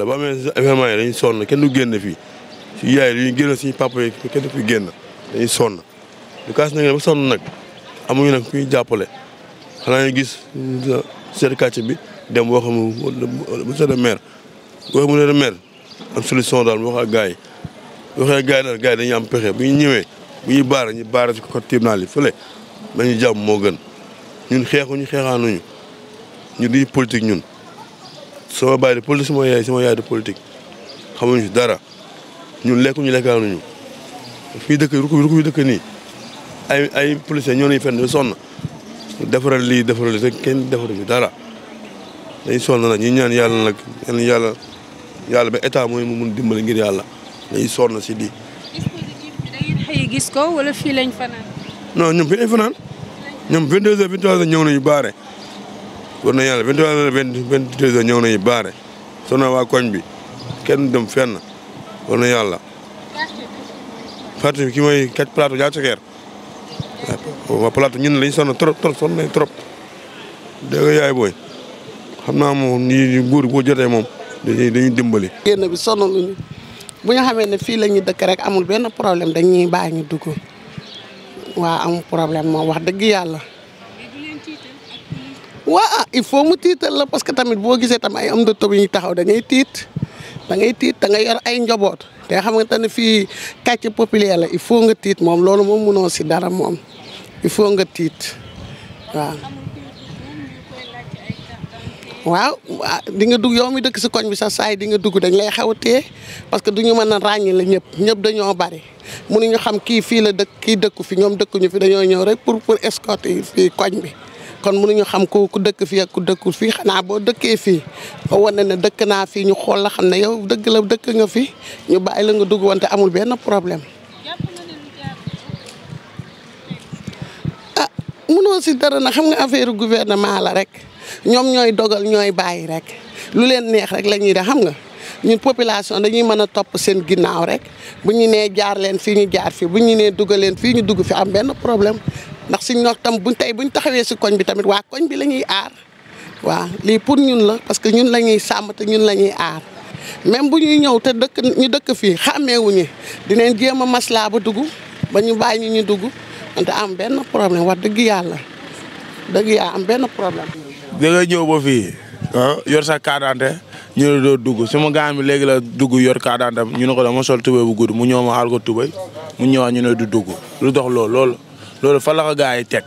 la ba amee événement yi dañuy sonn kenn du génn fii suñu yaay yi dañuy génn suñu papa yi kenn du fi génn dañuy sonn lu kaas na nga ba sonn nag amuñu nag ku ñu jàppale xanaa ñu gis seet kàcc bi dem wax mu monsieur le maire wax mu ne am solution daal mu wax ak gars yi waxee ak gars yi am pexe bu ñu ñëwee bu ñuy baara ñu baara si ko tribunal yi fële nañu jàmm moo gën ñun xeexuñu xeexaanuñu ñu di politique ñun soo baay di politique sama yaay sama yaay di politique xamuñu dara ñun lekkuñu ñu fii dëkk ruku ruku dëkk nii ay ay policiers ñoo nañu fenn dañu sonn lii defaral rek kenn defaruñu dara dañ sonn nag ñu ñaan yàlla nag ñaan yàlla yàlla ba état mooy mu mun dimbali ngir yàlla dañuy sonn si lii. gis ko wala fii lañ fanaan. non ñoom fii lañ fanaan ñoom 22h 23h ñëw baare war na yàlla 23 heures 23 heures ñëw nañu baare sonna waa koñ bi kenn dem fenn war na yàlla. parti bi ki mooy quatre plateau waa plateau ñun lañ sonn trop trop sonn trop. dégg yaay booy xam naa moom nii nguur boo jotee moom dañu dimbali. génn bi sonn nañu bu ñu xamee ne fii la ñuy dëkk rek amul benn problème dañuy bàyyi ñu dugg waa amul problème moom wax dëgg yàlla. waa il faut mu tiital la parce que tamit boo gisee tamit ay am de toog yi taxaw da ngay tiit da ngay tiit da ngay yor ay njaboot te xam nga ne fii quartier populaire la il faut nga tiit moom loolu moom mënoo si dara moom il faut nga tiit waaw. waaw di nga dugg yow mi dëkk si koñ bi sax saay di nga dugg dañ lay xaw a téye parce que du ñu mën a ràññi la ñëpp ñëpp dañoo bari mënuñu xam kii fii la dëkk kii dëkku fi ñoom dëkkuñu fi dañoo ñëw rek pour pour escorter fii koñ bi. kon ñu xam ku ku dëkk fii ak ku dëkkul fii xanaa boo dëkkee fii ba wane ne dëkk naa fii ñu xool la xam ne yow dëgg la dëkk nga fi ñu bàyyi la nga dugg wante amul benn problème. ah mënoo aussi dara na xam nga affaire gouvernement la rek ñoom ñooy dogal ñooy bàyyi rek lu leen neex rek la ñuy def xam nga. ñu population dañuy mën a topp seen ginnaaw rek bu ñu nee jaar leen fii ñu jaar fii bu ñu nee dugg leen fii ñu dugg fi am benn problème ndax suñ noo tam buñ tey buñ taxawee si koñ bi tamit waa koñ bi lañuy ñuy aar waaw lii pour ñun la parce que ñun lañuy ñuy sàmm te ñun lañuy ñuy aar même bu ñuy ñëw te dëkk ñu dëkk fii xàmmeewuñu dinañ jéem a maslaa ba dugg ba ñu bàyyi ñu ñu dugg wante am benn problème wax dëgg yàlla dëgg am benn problème. ñëw ba fii ah, yor sa ñu doo dugg sama gars mi léegi la dugg yor carte ñu ne ko dama sol tubéy bu gudd mu ñëw ma aal ko mu ñëwaat ñu ne du dugg lu dox lool lool. loolu fa la ko yi teg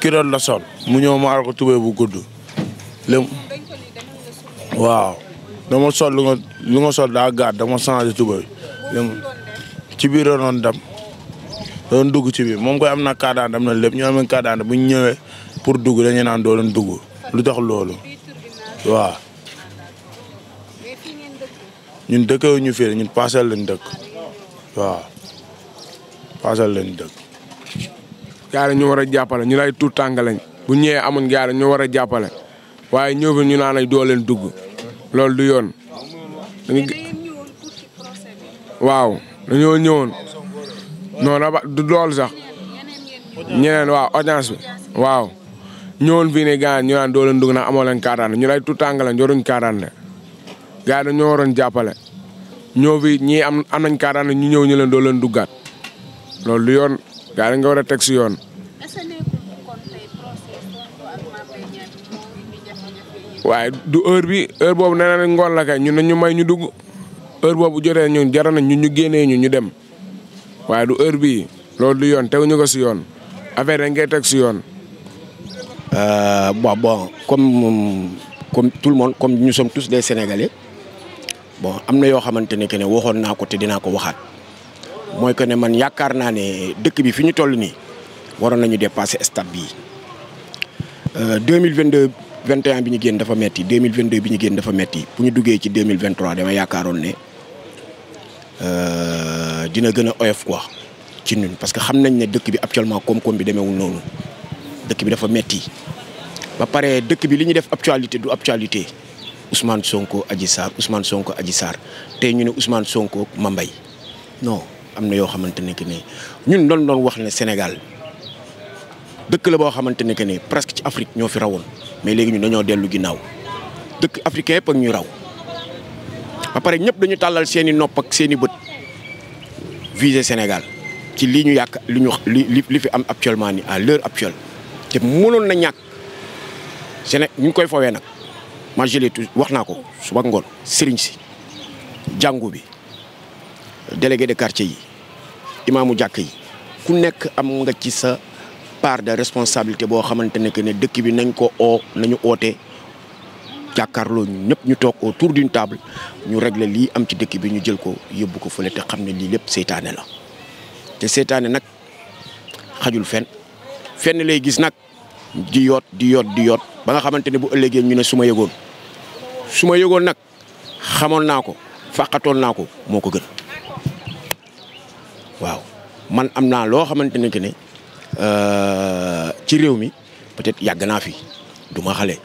kiroot la sol mu ñëw ma ar ko tubéy bu gudd lém waaw dama sol lu lu nga sol daa gaat dama changé tubéy lém ci biir doon dem doon dugg ci biir moom koy am na kaadaan am na lépp ñu amee kaadaan bu ñu ñëwee pour dugg dañuy naan doo leen dugg lu tax loolu waaw ñun ñu fii ñun parcelle lañ dëkk waaw paasal lañ dëkk. gaari ñu war a jàppale ñu lay tuut tàng bu ñëwee amuñ gaari ñu war a jàppale waaye ñëw fi ñu naan ay doo leen dugg loolu du yoon. waaw dañoo ñëwoon non raba du lool sax ñeneen waaw audience bi waaw ñëwoon fii ne gars ñu naan doo leen dugg nag leen kaaraan ñu lay tuut tàng lañ yoruñ kaaraan de gars dañoo waroon jàppale ñoo fi ñii am am nañ kaaraan ñu ñëw ñu leen doo leen duggaat. loolu lu yoon gaa yi nga war a teg si yoon. waaye du heure bi heure boobu nee na ngoon la kay ñun nañu may ñu dugg heure boobu jotee ñu jar nañ ñun ñu génnee ñu ñu dem waaye du heure bii loolu du yoon teguñu ko si yoon affaire dañ koy teg si yoon. Euh, bon bon comme comme tout le monde comme nous sommes tous des sénégalais bon am na yoo xamante ne que ne waxoon naa ko te dinaa ko waxaat. mooy que ne man yaakaar naa ne dëkk bi fi ñu toll nii waroon nañu dépasser stade bii 2022 21 bi ñu génn dafa metti 2022 bi ñu génn dafa metti bu ñu duggee ci 2023 dama yaakaaroon ne euh, dina gën a oyof quoi ci ñun parce que xam nañ ne dëkk bi actuellement koom-koom bi demeewul noonu dëkk bi dafa metti ba pare dëkk bi li ñuy def actualité du actualité Ousmane Sonko aji Sarr Ousmane Sonko Adji Sarr te ñu ne Ousmane Sonko Mame Mbaye am na yoo xamante ne que ni ñun doon doon wax ne Sénégal dëkk la boo xamante ne que ni presque ci Afrique ñoo fi rawoon mais léegi ñun dañoo dellu ginnaaw dëkk africain yëpp ak ñuy raw ba pare ñëpp dañu tàllal seen nopp ak seen i bët viser Sénégal ci lii ñu yàq li ñu li li fi am actuellement ni à l'heure actuelle te mënoon na ñàkk Séné ñu ngi koy fowee nag ma gelé wax naa ko suba ngoon sëriñ si jàngu bi délégué de quartier yi imaamu jàkk yi ku nekk am nga ci sa part de responsabilité boo xamante ne que ne dëkk bi nañ ko oo nañu oote jàkkaarloo ñëpp ñu toog autour d'une table ñu régler lii am ci dëkk bi ñu jël ko yóbbu ko fële te xam ne lii lépp seytaanee la te seytaane nag xajul fen fenn lay gis nag di yoot di yoot di yoot ba nga xamante ne bu ëllëgee ñu ne su ma yëgoon su ma yëgoon nag xamoon naa ko fàqatoon naa ko moo ko gën waaw man am naa loo xamante ne que ne euh, ci réew mi peut-être yàgg naa fi du xale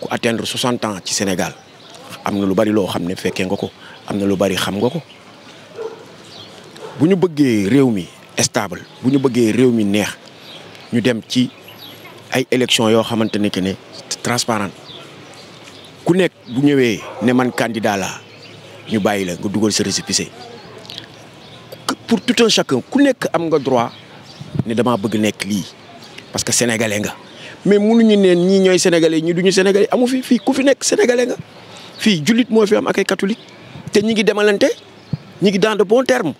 ku atteindre 60 ans ci Sénégal am na lu bari loo xam ne fekkee nga ko am na lu bari xam nga ko bu ñu bëggee réew mi stable bu ñu bëggee réew mi neex ñu dem ci ay élections yoo xamante ne que ne transparent ku nekk bu ñëwee ne man candidat laa ñu bàyyi la nga dugal sa récépissé pour tout un chacun ku nekk am nga droit ne damaa bëgg nekk lii parce que sénégalais nga mais mënuñu neen ñii ñooy sénégalais ñi duñu sénégalais amu fi fii ku fi nekk sénégalais nga fii jullit moo fi am akay ay catholique te ñi ngi demalante ñi ngi dans de bons terme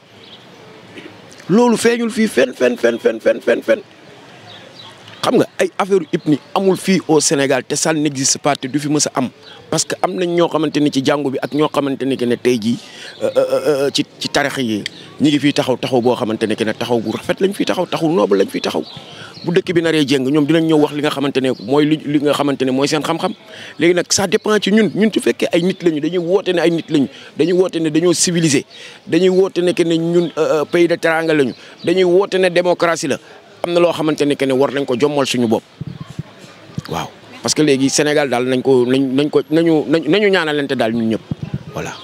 loolu feeñul fii fen fen fen fen xam nga ay affaire ethnie amul fii au Sénégal te ça n'existe pas te du fi mës a am parce que am nañ ñoo xamante ni ci jàngu bi ak ñoo xamante ni que ne tey jii Euh, euh, euh, ci ci tarixa yi ñi ngi fiy taxaw taxaw boo xamante ne que ne taxaw gu rafet lañ fiy taxaw taxaw noble lañ fiy taxaw bu dëkk bi naree jéng ñoom dinañ ñëw wax li nga xamante ne mooy li nga xamante ne mooy seen xam nag ça dépend ci ñun ñun su fekkee ay nit lañu dañuy woote ay nit lañu dañuy woote ne dañoo civilisé dañuy woote ne que ne ñun pays de teranga lañu dañuy woote ne démocratie la am na loo xamante ne que ne war nañ ko jommal suñu bopp waaw parce que léegi Sénégal daal nañ ko nañ nañ ko nañu nañu ñaanalante daal ñun ñëpp voilà